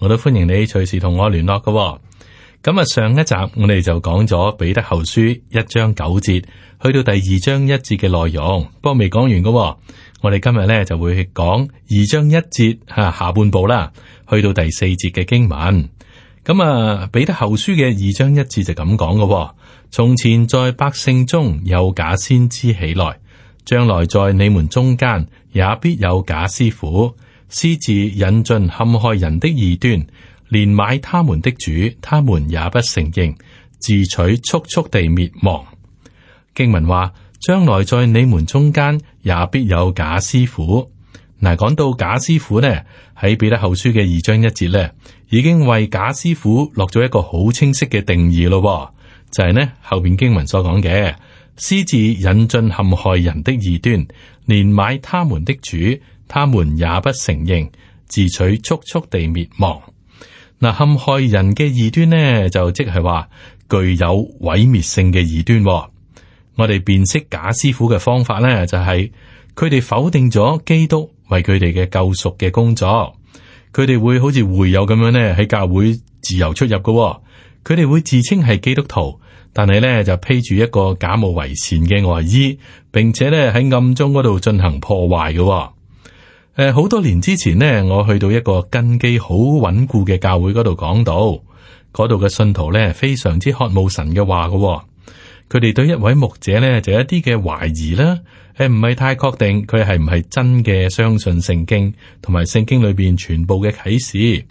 我都歡迎你隨時同我聯絡㗎喎。咁、嗯、啊，上一集我哋就講咗彼得後書一章九節，去到第二章一節嘅內容，不過未講完㗎喎。我哋今日呢就會講二章一節吓、啊、下半部啦，去到第四節嘅經文。咁、嗯、啊，彼得後書嘅二章一節就咁講㗎喎。從前在百姓中有假先知起來，將來在你們中間也必有假師傅。私自引進陷害人的異端，連買他們的主，他們也不承認，自取速速地滅亡。經文話：將來在你們中間也必有假師傅。嗱，講到假師傅呢，喺彼得後書嘅二章一節呢，已經為假師傅落咗一個好清晰嘅定義咯，就係、係、呢後邊經文所講嘅，私自引進陷害人的異端，連買他們的主。他們也不承認，自取速速地滅亡。嗱，陷害人嘅異端呢，就即係話具有毀滅性嘅異端，哦。我哋辨識假師傅嘅方法呢，就係佢哋否定咗基督為佢哋嘅救贖嘅工作。佢哋會好似會友咁樣呢，喺教會自由出入嘅，哦。佢哋會自稱係基督徒，但係呢就披住一個假冒為善嘅外衣，並且呢喺暗中嗰度進行破壞嘅，哦。誒，好多年之前呢，我去到一個根基好穩固嘅教會嗰度講到，嗰度嘅信徒呢，非常之渴慕神嘅話嘅，佢哋對一位牧者呢，就有一啲嘅懷疑啦，誒唔係太確定佢係唔係真嘅相信聖經，同埋聖經裏邊全部嘅啟示。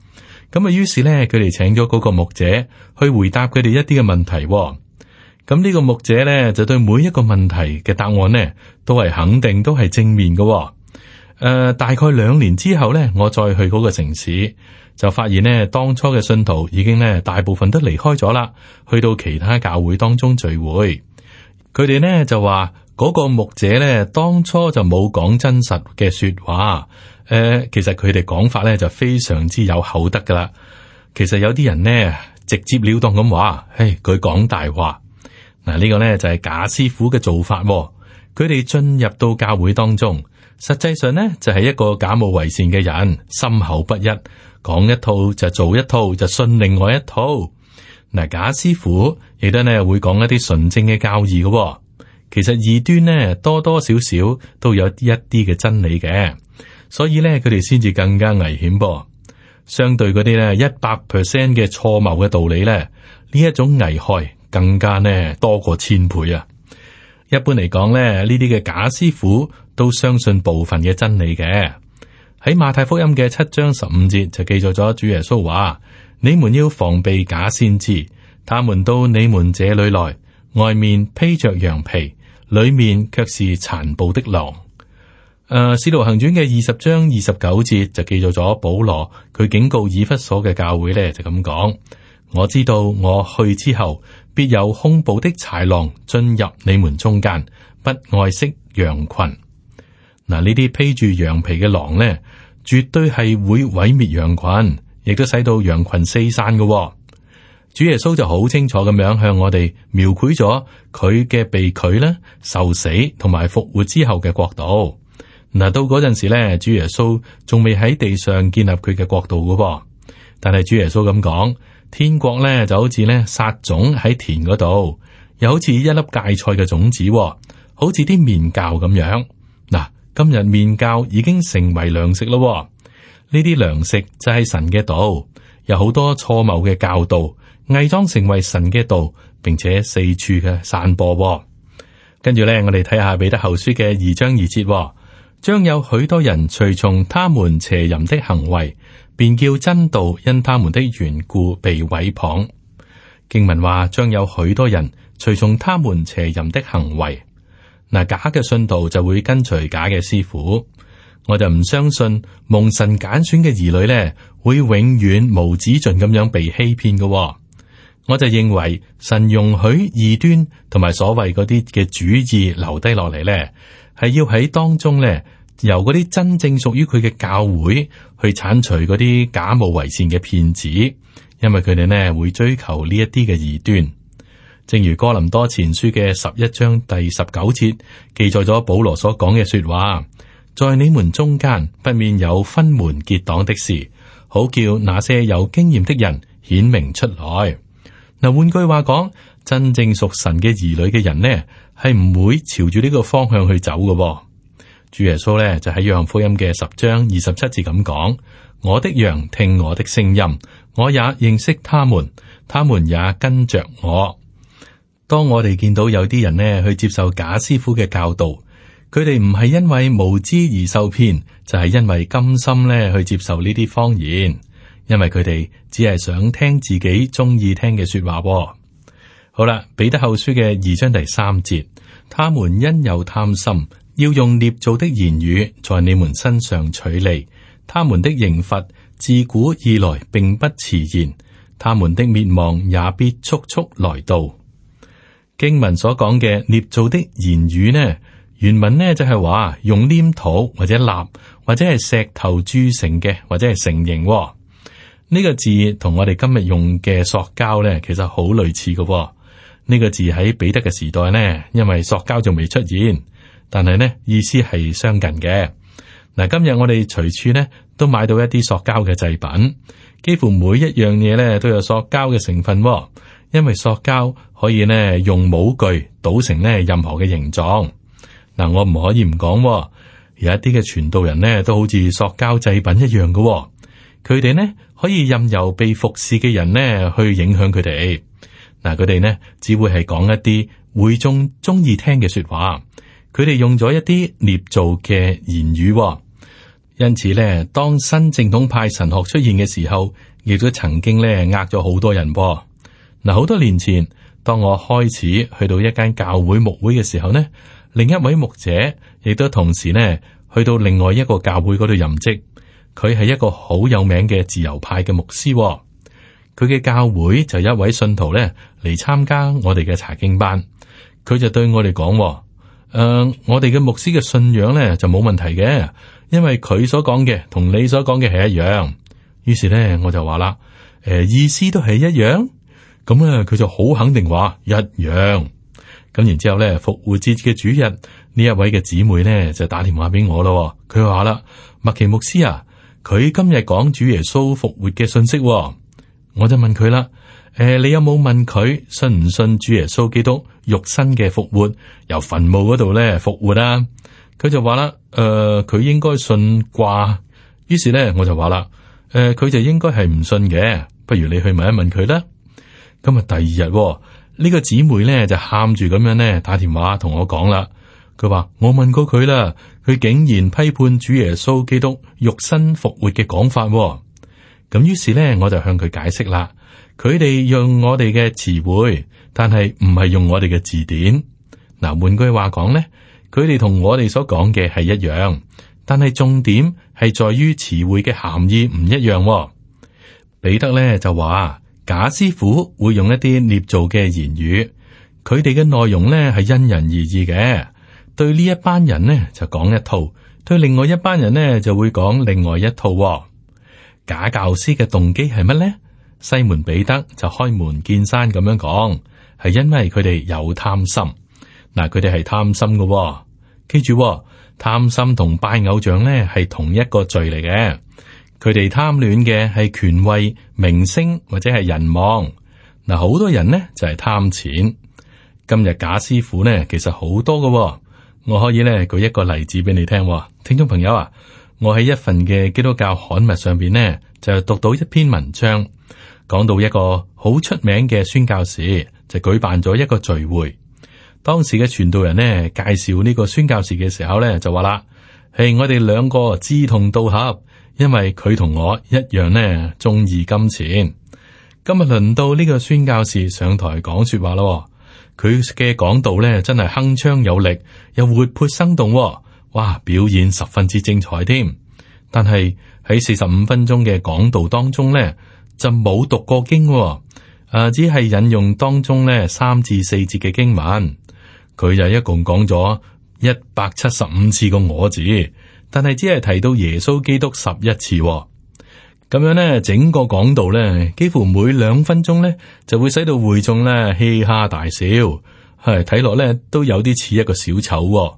咁啊，於是呢，佢哋請咗嗰個牧者去回答佢哋一啲嘅問題。咁呢個牧者呢，就對每一個問題嘅答案呢，都係肯定，都係正面嘅。誒、呃，大概兩年之後呢，我再去嗰個城市，就發現呢，當初嘅信徒已經呢，大部分都離開咗啦，去到其他教會當中聚會。佢哋呢，就話嗰、那個牧者呢，當初就冇講真實嘅說話。誒、呃，其實佢哋講法呢，就非常之有口德㗎喇。其實有啲人呢，直接了當咁話，誒，佢講大話。嗱、啊、呢、這個呢，就係、是、假師傅嘅做法、哦。佢哋進入到教會當中。實際上咧就係一個假冒偽善嘅人，心口不一，講一套就做一套就信另外一套。嗱，假師傅亦都呢會講一啲純正嘅教義嘅，其實異端呢，多多少少都有一啲嘅真理嘅，所以咧佢哋先至更加危險噃。相對嗰啲咧一百 percent 嘅錯謬嘅道理咧，呢一種危害更加呢多過千倍啊！一般嚟講咧呢啲嘅假師傅。都相信部分嘅真理嘅。喺馬太福音嘅七章十五節就記載咗主耶穌話：你們要防備假先知，他們到你們這裏來，外面披着羊皮，裏面卻是殘暴的狼。誒、呃，使徒行傳嘅二十章二十九節就記載咗保羅佢警告以弗所嘅教會咧，就咁講：我知道我去之後，必有兇暴的豺狼進入你們中間，不愛惜羊群。嗱，呢啲披住羊皮嘅狼咧，絕對係會毀滅羊群，亦都使到羊群四散嘅。哦。主耶穌就好清楚咁樣向我哋描繪咗佢嘅被拒咧、受死同埋復活之後嘅國度。嗱，到嗰陣時咧，主耶穌仲未喺地上建立佢嘅國度嘅。噃，但係主耶穌咁講，天國咧就好似咧撒種喺田嗰度，又好似一粒芥菜嘅種子，好似啲麵酵咁樣。今日面教已經成為糧食咯，呢啲糧食就係神嘅道，有好多錯謬嘅教導偽裝成為神嘅道，並且四處嘅散播。跟住呢，我哋睇下彼得後書嘅二章二節，將有許多人隨從他們邪淫的行為，便叫真道因他們的緣故被毀謗。經文話，將有許多人隨從他們邪淫的行為。嗱，假嘅信徒就會跟隨假嘅師傅，我就唔相信蒙神揀選嘅兒女咧，會永遠無止盡咁樣被欺騙嘅，哦。我就認為神容許異端同埋所謂嗰啲嘅主意留低落嚟咧，係要喺當中咧，由嗰啲真正屬於佢嘅教會去鏟除嗰啲假冒為善嘅騙子，因為佢哋咧會追求呢一啲嘅異端。正如哥林多前書嘅十一章第十九節記載咗保羅所講嘅說話，在你們中間不免有分門結黨的事，好叫那些有經驗的人顯明出來。嗱，換句話講，真正屬神嘅兒女嘅人呢，係唔會朝住呢個方向去走嘅。主耶穌呢，就喺約翰福音嘅十章二十七字咁講：我的羊聽我的聲音，我也認識他們，他們也跟着我。當我哋見到有啲人呢，去接受假師傅嘅教導，佢哋唔係因為無知而受騙，就係、是、因為甘心呢去接受呢啲謊言，因為佢哋只係想聽自己中意聽嘅說話。好啦，彼得後書嘅二章第三節，他們因有貪心，要用捏造的言語在你們身上取利。他們的刑罰自古以來並不遲延，他們的滅亡也必速速來到。經文所講嘅捏造的言語呢？原文呢就係話用黏土或者蠟或者係石頭鑄成嘅，或者係成，成型。呢個字同我哋今日用嘅塑膠呢，其實好類似嘅。呢個字喺彼得嘅時代呢，因為塑膠仲未出現，但係呢意思係相近嘅。嗱，今日我哋隨處呢都買到一啲塑膠嘅製品，幾乎每一樣嘢呢都有塑膠嘅成分。因為塑膠。可以呢，用模具倒成呢任何嘅形狀。嗱，我唔可以唔講，有一啲嘅傳道人呢都好似塑膠製品一樣嘅。佢哋呢可以任由被服侍嘅人呢去影響佢哋。嗱，佢哋呢只會係講一啲會眾中意聽嘅說話。佢哋用咗一啲捏造嘅言語，因此呢，當新正統派神學出現嘅時候，亦都曾經呢呃咗好多人。嗱，好多年前。當我開始去到一間教會牧會嘅時候呢，另一位牧者亦都同時呢去到另外一個教會嗰度任職。佢係一個好有名嘅自由派嘅牧師、哦，佢嘅教會就有一位信徒咧嚟參加我哋嘅查經班。佢就對我哋講、哦，誒、呃，我哋嘅牧師嘅信仰呢就冇問題嘅，因為佢所講嘅同你所講嘅係一樣。於是呢，我就話啦，誒、呃，意思都係一樣。咁咧，佢、嗯、就好肯定話一樣咁。然之後咧，復活節嘅主日呢，一位嘅姊妹咧就打電話俾我咯。佢話啦，麥奇牧師啊，佢今日講主耶穌復活嘅信息、啊。我就問佢啦，誒、呃，你有冇問佢信唔信主耶穌基督肉身嘅復活，由墳墓嗰度咧復活啊？佢就話啦，誒、呃，佢應該信啩。呃。於是咧，我就話啦，誒、呃，佢就應該係唔信嘅，不如你去問一問佢啦。今日第二日，這個、姐呢個姊妹咧就喊住咁樣咧打電話同我講啦。佢話我問過佢啦，佢竟然批判主耶穌基督肉身復活嘅講法。咁於是咧，我就向佢解釋啦。佢哋用我哋嘅詞彙，但係唔係用我哋嘅字典。嗱，換句話講咧，佢哋同我哋所講嘅係一樣，但係重點係在於詞彙嘅含義唔一樣。彼得咧就話。假師傅會用一啲捏造嘅言語，佢哋嘅內容呢係因人而異嘅。對呢一班人呢，就講一套，對另外一班人呢，就會講另外一套。假教師嘅動機係乜呢？西門彼得就開門見山咁樣講，係因為佢哋有貪心。嗱，佢哋係貪心㗎，記住貪心同拜偶像呢係同一個罪嚟嘅。佢哋貪戀嘅係權位、名聲或者係人望。嗱，好多人呢就係貪錢。今日假師傅呢其實好多嘅、哦。我可以呢舉一個例子俾你聽、哦，聽眾朋友啊，我喺一份嘅基督教刊物上邊呢，就讀到一篇文章，講到一個好出名嘅宣教士就舉辦咗一個聚會。當時嘅傳道人呢介紹呢個宣教士嘅時候呢，就話啦：係、hey, 我哋兩個志同道合。因為佢同我一樣咧，中意金錢。今日輪到呢個宣教士上台講說話咯、哦。佢嘅講道咧，真係鏗鏘有力，又活潑生動、哦。哇，表演十分之精彩添。但係喺四十五分鐘嘅講道當中呢，就冇讀過經、哦，誒、呃，只係引用當中呢三至四節嘅經文。佢就一共講咗一百七十五次個我字。但係只係提到耶穌基督十一次，哦，咁樣呢，整個講道呢，幾乎每兩分鐘呢，就會使到會眾呢，嘻哈大笑，係睇落呢，都有啲似一個小丑，哦。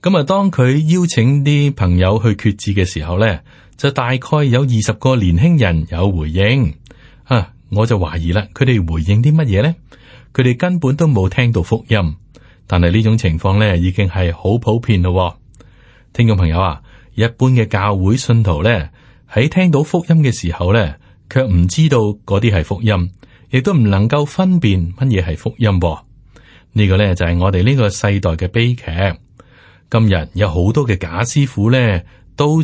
咁，嗯，啊，當佢邀請啲朋友去決志嘅時候呢，就大概有二十個年輕人有回應。啊，我就懷疑啦，佢哋回應啲乜嘢呢？佢哋根本都冇聽到福音。但係呢種情況呢，已經係好普遍咯，哦。聽眾朋友啊，一般嘅教會信徒咧，喺聽到福音嘅時候咧，卻唔知道嗰啲係福音，亦都唔能夠分辨乜嘢係福音。呢個咧就係我哋呢個世代嘅悲劇。今日有好多嘅假師傅咧，到處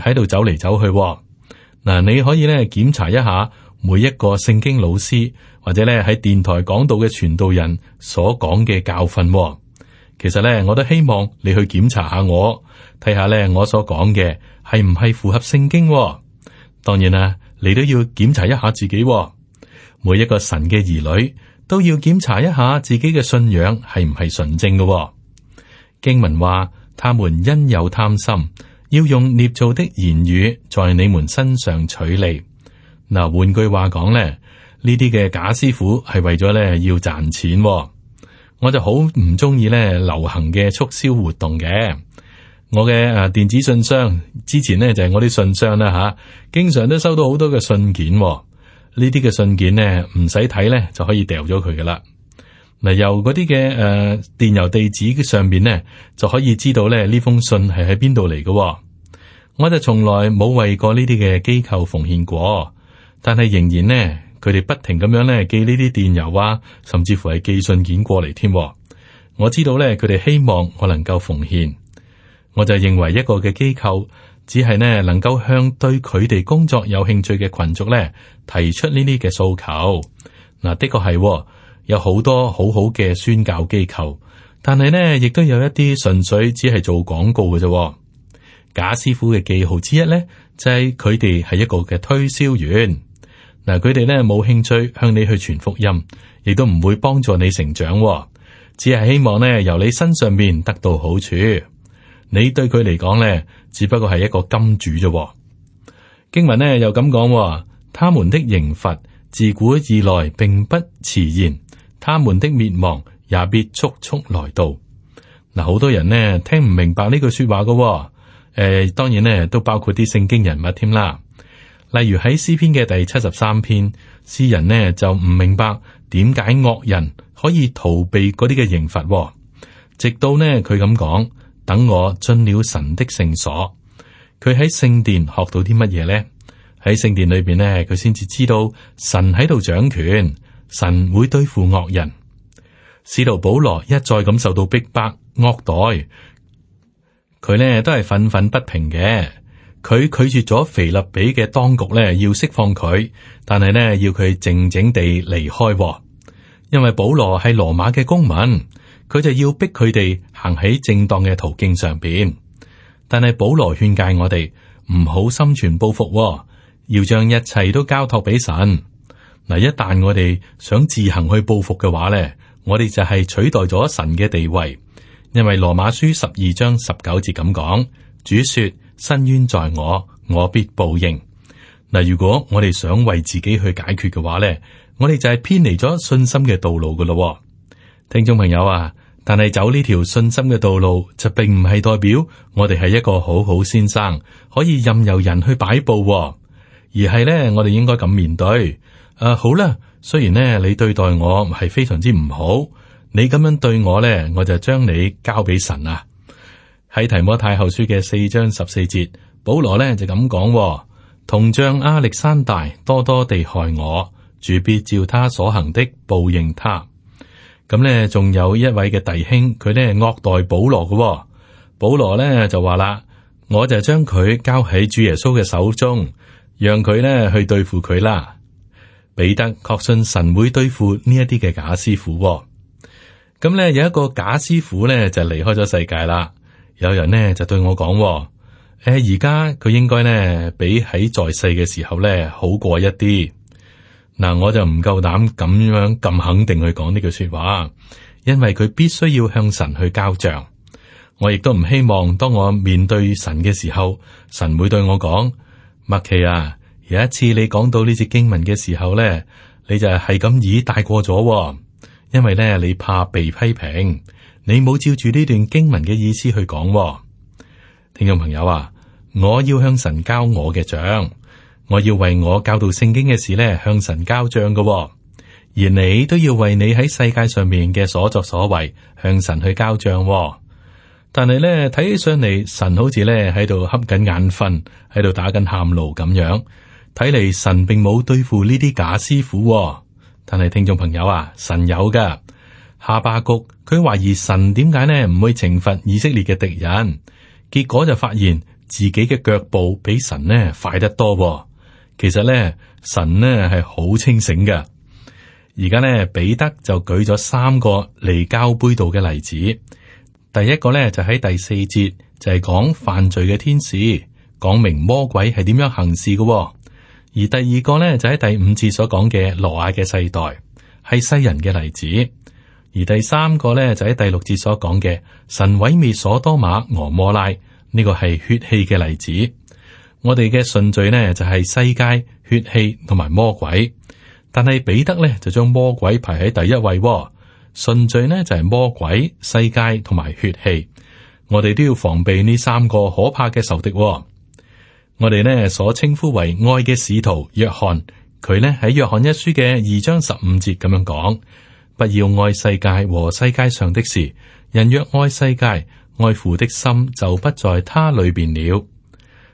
喺度走嚟走去。嗱，你可以咧檢查一下每一個聖經老師或者咧喺電台講道嘅傳道人所講嘅教訓。其實咧，我都希望你去檢查下我，睇下咧我所講嘅係唔係符合聖經。當然啦，你都要檢查一下自己。每一個神嘅兒女都要檢查一下自己嘅信仰係唔係純正嘅。經文話，他們因有貪心，要用捏造的言語在你們身上取利。嗱，換句話講咧，呢啲嘅假師傅係為咗咧要賺錢。我就好唔中意咧流行嘅促銷活動嘅。我嘅誒電子信箱之前咧就係我啲信箱啦吓、啊，經常都收到好多嘅信件，哦。呢啲嘅信件咧唔使睇咧就可以掉咗佢噶啦。嗱，由嗰啲嘅誒電郵地址上邊咧就可以知道咧呢封信係喺邊度嚟嘅。我就從來冇為過呢啲嘅機構奉獻過，但係仍然咧。佢哋不停咁樣咧寄呢啲電郵啊，甚至乎係寄信件過嚟添。我知道咧，佢哋希望我能夠奉獻，我就認為一個嘅機構只係呢能夠向對佢哋工作有興趣嘅群族咧提出呢啲嘅訴求。嗱，的確係喎，有好多好好嘅宣教機構，但係呢，亦都有一啲純粹只係做廣告嘅啫。假師傅嘅記號之一咧，就係佢哋係一個嘅推銷員。嗱，佢哋咧冇興趣向你去傳福音，亦都唔會幫助你成長，只係希望咧由你身上面得到好處。你對佢嚟講咧，只不過係一個金主啫。經文咧又咁講，他們的刑罰自古以來並不遲延，他們的滅亡也必速速來到。嗱，好多人呢聽唔明白呢句說話噶，誒，當然呢都包括啲聖經人物添啦。例如喺詩篇嘅第七十三篇，詩人呢就唔明白點解惡人可以逃避嗰啲嘅刑罰，哦，直到呢佢咁講，等我進了神的聖所，佢喺聖殿學到啲乜嘢呢？喺聖殿裏邊呢，佢先至知道神喺度掌權，神會對付惡人。使徒保羅一再咁受到逼迫、惡待，佢呢都係憤憤不平嘅。佢拒絕咗腓立比嘅當局咧，要釋放佢，但係呢要佢靜靜地離開，哦，因為保羅係羅馬嘅公民，佢就要逼佢哋行喺正當嘅途徑上邊。但係保羅勸誡我哋唔好心存報復，哦，要將一切都交託俾神。嗱，一旦我哋想自行去報復嘅話呢，我哋就係取代咗神嘅地位，因為羅馬書十二章十九節咁講，主說。伸冤在我，我必報應。嗱，如果我哋想為自己去解決嘅話呢，我哋就係偏離咗信心嘅道路噶咯。聽眾朋友啊，但係走呢條信心嘅道路就並唔係代表我哋係一個好好先生，可以任由人去擺布，而係呢，我哋應該咁面對。誒、啊，好啦，雖然呢，你對待我係非常之唔好，你咁樣對我呢，我就將你交俾神啊。喺《提摩太後書》嘅四章十四節，保羅咧就咁講、哦：同將亞歷山大多多地害我，主必照他所行的報應他。咁、嗯、咧，仲有一位嘅弟兄，佢咧惡待保羅嘅、哦。保羅咧就話啦：我就將佢交喺主耶穌嘅手中，讓佢咧去對付佢啦。彼得確信神會對付呢一啲嘅假師傅、哦。咁、嗯、咧、嗯，有一個假師傅咧就離開咗世界啦。有人呢就對我講、哦，誒而家，佢應該呢比喺在，在世嘅時候呢好過一啲，嗱我就唔夠膽咁樣咁肯定去講呢句說話，因為佢必須要向神去交賬。我亦都唔希望當我面對神嘅時候，神會對我講：麥琪啊，有一次你講到呢隻經文嘅時候咧，你就係咁以帶過咗、哦，因為咧你怕被批評。你冇照住呢段經文嘅意思去講、哦，聽眾朋友啊，我要向神交我嘅賬，我要為我教導聖經嘅事咧向神交賬嘅、哦，而你都要為你喺世界上面嘅所作所為向神去交賬、哦。但係咧睇起上嚟，神好似咧喺度瞌緊眼瞓，喺度打緊喊路咁樣，睇嚟神並冇對付呢啲假師傅、哦。但係聽眾朋友啊，神有㗎。哈巴谷佢懷疑神點解呢唔會懲罰以色列嘅敵人，結果就發現自己嘅腳步比神呢快得多。其實呢神呢係好清醒嘅。而家呢彼得就舉咗三個離交杯道嘅例子，第一個呢就喺第四節就係講犯罪嘅天使，講明魔鬼係點樣行事嘅。而第二個呢就喺第五節所講嘅挪亞嘅世代係世人嘅例子。而第三個咧就喺第六節所講嘅神毀滅所多瑪俄摩拉呢、呢個係血氣嘅例子，我哋嘅順序呢，就係、係、世界血氣同埋魔鬼，但係彼得咧就將魔鬼排喺第一位、哦，順序呢，就係、係、魔鬼世界同埋血氣，我哋都要防備呢三個可怕嘅仇敵、哦。我哋呢，所稱呼為愛嘅使徒約翰，佢呢，喺約翰一書嘅二章十五節咁樣講。不要愛世界和世界上的事。人若愛世界，愛父的心就不在他裏面了。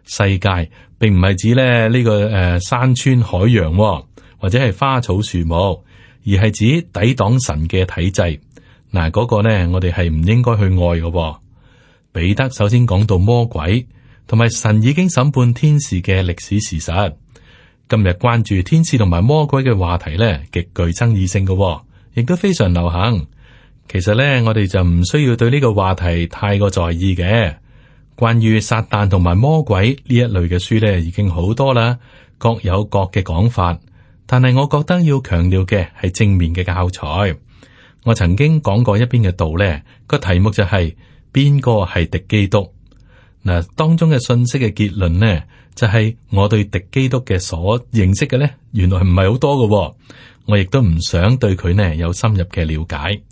世界並唔係指咧呢個誒山川海洋，或者係花草樹木，而係指抵擋神嘅體制嗱。嗰個呢，我哋係唔應該去愛嘅。彼得首先講到魔鬼同埋神已經審判天使嘅歷史事實。今日關注天使同埋魔鬼嘅話題呢，極具爭議性嘅。亦都非常流行。其實呢，我哋就唔需要對呢個話題太過在意嘅。關於撒旦同埋魔鬼呢一類嘅書呢，已經好多啦，各有各嘅講法。但係我覺得要強調嘅係正面嘅教材。我曾經講過一邊嘅道呢，個題目就係邊個係敵基督？嗱，當中嘅信息嘅結論呢，就係、是、我對敵基督嘅所認識嘅呢，原來唔係好多嘅、哦。我亦都唔想對佢呢有深入嘅了解，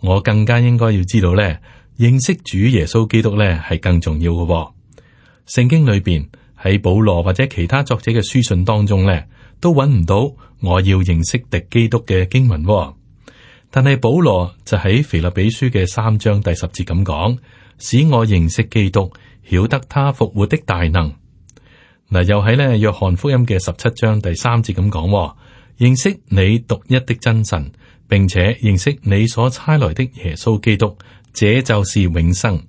我更加應該要知道呢，認識主耶穌基督呢係更重要嘅、哦。聖經裏邊喺保羅或者其他作者嘅書信當中呢都揾唔到我要認識敵基督嘅經文、哦，但係保羅就喺腓立比書嘅三章第十節咁講，使我認識基督，曉得他復活的大能。嗱，又喺呢約翰福音嘅十七章第三節咁講、哦。認識你獨一的真神，並且認識你所差來的耶穌基督，這就是永生。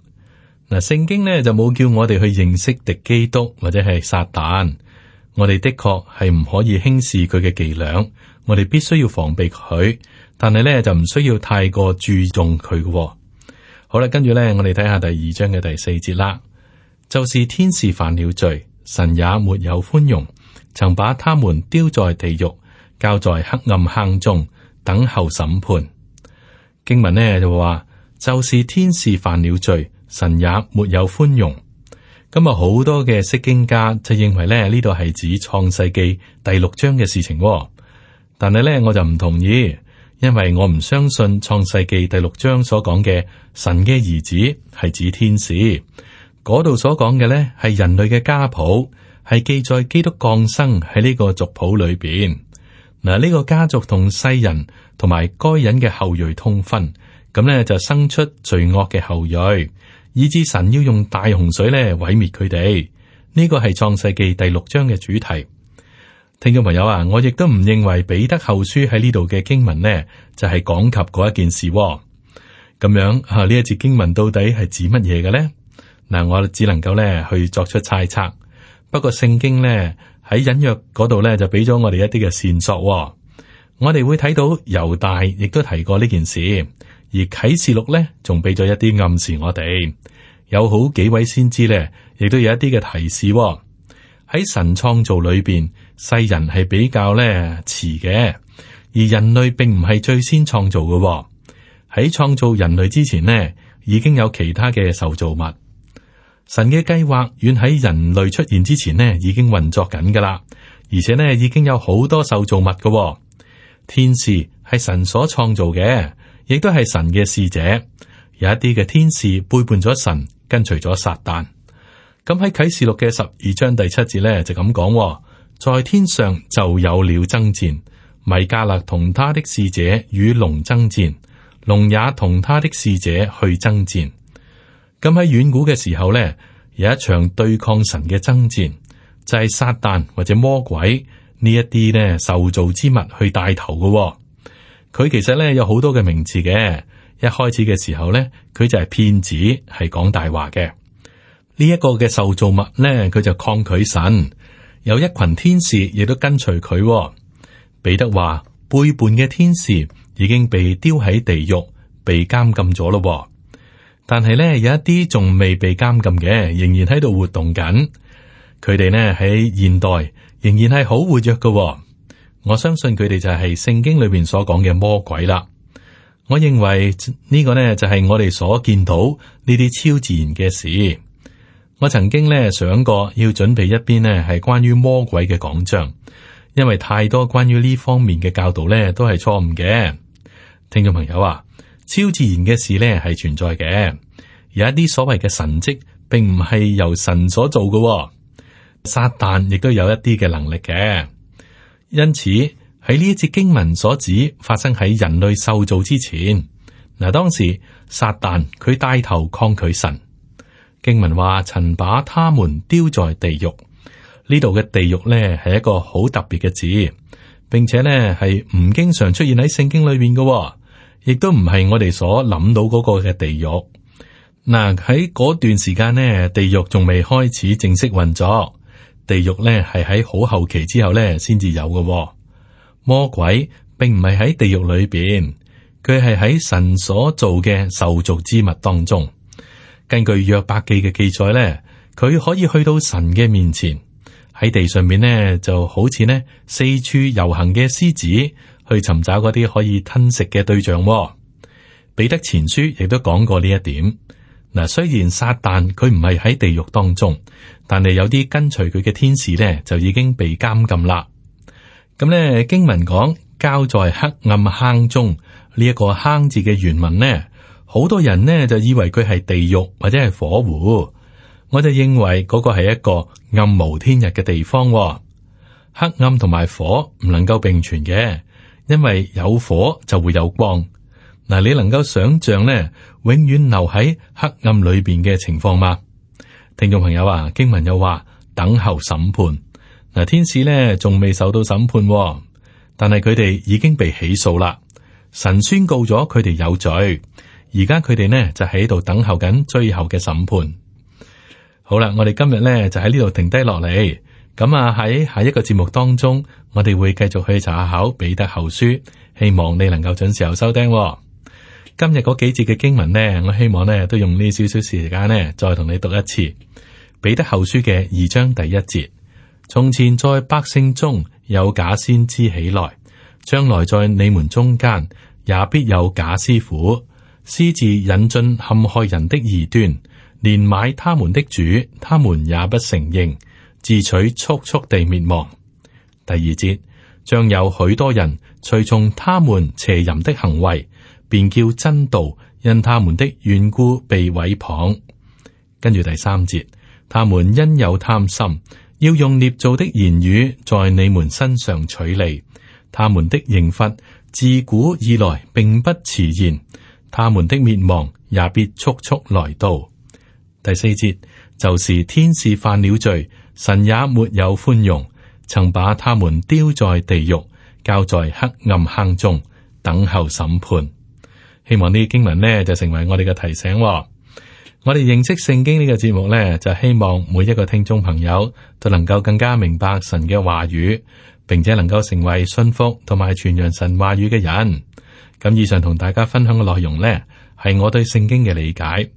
嗱，聖經咧就冇叫我哋去認識敵基督或者係撒旦。我哋的確係唔可以輕視佢嘅伎倆，我哋必須要防備佢。但係咧就唔需要太過注重佢嘅。好啦，跟住咧我哋睇下第二章嘅第四節啦，就是天使犯了罪，神也沒有寬容，曾把他們丟在地獄。交在黑暗坑中等候審判，經文呢就話，就是天使犯了罪，神也沒有寬容。咁啊，好多嘅釋經家就認為咧呢度係指創世紀第六章嘅事情喎。但係呢，我就唔同意，因為我唔相信創世紀第六章所講嘅神嘅兒子係指天使。嗰度所講嘅呢係人類嘅家譜，係記載基督降生喺呢個族譜裏邊。嗱，呢個家族同世人同埋該人嘅後裔通婚，咁呢就生出罪惡嘅後裔，以致神要用大洪水咧毀滅佢哋。呢個係創世紀第六章嘅主題。聽眾朋友啊，我亦都唔認為彼得後書喺呢度嘅經文呢就係講及嗰一件事。咁樣啊，呢一節經文到底係指乜嘢嘅呢？嗱，我只能夠呢去作出猜測。不過聖經呢。喺隱約嗰度咧，就俾咗我哋一啲嘅線索，哦。我哋會睇到猶大亦都提過呢件事，而啟示錄咧，仲俾咗一啲暗示我哋。有好幾位先知咧，亦都有一啲嘅提示，哦。喺神創造裏邊，世人係比較咧遲嘅，而人類並唔係最先創造嘅，哦。喺創造人類之前呢，已經有其他嘅受造物。神嘅計劃遠喺人類出現之前呢，已經運作緊噶啦，而且呢，已經有好多受造物噶。天使係神所創造嘅，亦都係神嘅使者。有一啲嘅天使背叛咗神，跟隨咗撒旦。咁喺啟示錄嘅十二章第七節呢，就咁講：在天上就有了爭戰，米迦勒同他的使者與龍爭戰，龍也同他的使者去爭戰。咁喺遠古嘅時候咧，有一場對抗神嘅爭戰，就係、是、撒旦或者魔鬼呢一啲咧受造之物去帶頭嘅、哦。佢其實咧有好多嘅名字嘅。一開始嘅時候咧，佢就係騙子，係講大話嘅。呢、這、一個嘅受造物咧，佢就抗拒神。有一群天使亦都跟隨佢、哦。彼得話，背叛嘅天使已經被丟喺地獄，被監禁咗咯、哦。但係咧，有一啲仲未被監禁嘅，仍然喺度活動緊。佢哋呢，喺現代仍然係好活躍嘅、哦。我相信佢哋就係聖經裏邊所講嘅魔鬼啦。我認為呢個呢，就係、是、我哋所見到呢啲超自然嘅事。我曾經呢，想過要準備一篇呢係關於魔鬼嘅講章，因為太多關於呢方面嘅教導呢，都係錯誤嘅。聽眾朋友啊！超自然嘅事呢係存在嘅。有一啲所謂嘅神蹟，並唔係由神所做嘅。撒旦亦都有一啲嘅能力嘅，因此喺呢一節經文所指發生喺人類受造之前，嗱，當時撒旦佢帶頭抗拒神。經文話：曾把他們丟在地獄，呢度嘅地獄呢係一個好特別嘅字，並且呢係唔經常出現喺聖經裏面嘅。亦都唔係我哋所諗到嗰個嘅地獄。嗱，喺嗰段時間呢，地獄仲未開始正式運作。地獄呢係喺好後期之後呢先至有嘅。魔鬼並唔係喺地獄裏邊，佢係喺神所做嘅受造之物當中。根據約伯記嘅記載呢，佢可以去到神嘅面前。喺地上面呢，就好似呢四處遊行嘅獅子，去尋找嗰啲可以吞食嘅對象，哦。彼得前書亦都講過呢一點。嗱，雖然撒旦佢唔係喺地獄當中，但係有啲跟隨佢嘅天使咧就已經被監禁啦。咁、嗯、咧經文講交在黑暗坑中呢一、這個坑字嘅原文呢，好多人呢就以為佢係地獄或者係火湖。我就認為嗰個係一個暗無天日嘅地方，哦，黑暗同埋火唔能夠並存嘅。因為有火就會有光，嗱，你能夠想象咧，永遠留喺黑暗裏邊嘅情況嗎？聽眾朋友啊，經文又話等候審判，嗱，天使呢仲未受到審判，哦，但係佢哋已經被起訴啦，神宣告咗佢哋有罪，而家佢哋呢就喺度等候緊最後嘅審判。好啦，我哋今日呢就喺呢度停低落嚟。咁啊！喺下一個節目當中，我哋會繼續去查考彼得後書，希望你能夠準時收聽哦。今日嗰幾節嘅經文咧，我希望咧都用呢少少時間咧，再同你讀一次彼得後書嘅二章第一節。從前在百姓中有假先知起來，將來在你們中間也必有假師傅，私自引進陷害人的異端，連買他們的主，他們也不承認。自取速速地滅亡。第二節將有許多人隨從他們邪淫的行為，便叫真道，因他們的緣故被毀謗。跟住第三節，他們因有貪心，要用捏造的言語在你們身上取利。他們的刑罰自古以來並不遲延，他們的滅亡也必速速來到。第四節，就是天使犯了罪。神也沒有寬容，曾把他們丟在地獄，交在黑暗坑中，等候審判。希望呢啲經文咧就成為我哋嘅提醒，哦。我哋認識聖經呢個節目咧就希望每一個聽眾朋友都能夠更加明白神嘅話語，並且能夠成為信服同埋傳揚神話語嘅人。咁以上同大家分享嘅內容咧係我對聖經嘅理解。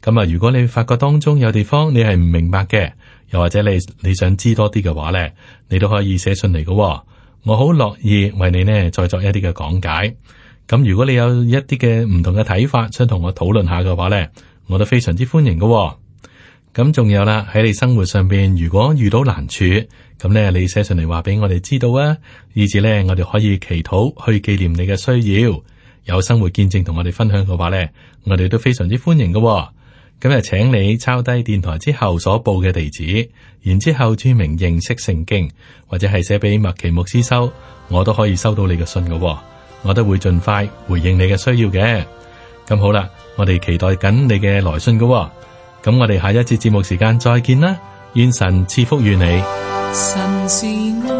咁啊，如果你發覺當中有地方你係唔明白嘅。又或者你你想知多啲嘅話咧，你都可以寫信嚟嘅喎。我好樂意為你咧再作一啲嘅講解。咁如果你有一啲嘅唔同嘅睇法，想同我討論下嘅話咧，我都非常之歡迎嘅喎。咁仲有啦，喺你生活上面，如果遇到難處，咁咧你寫信嚟話俾我哋知道啊，以至咧我哋可以祈禱去紀念你嘅需要。有生活見證同我哋分享嘅話咧，我哋都非常之歡迎嘅喎。今日請你抄低電台之後所報嘅地址，然之後注明認識聖經，或者係寫俾麥奇牧師收，我都可以收到你嘅信嘅，哦，我都會盡快回應你嘅需要嘅。咁好啦，我哋期待緊你嘅來信嘅，哦，咁我哋下一次節目時間再見啦，願神賜福於你。神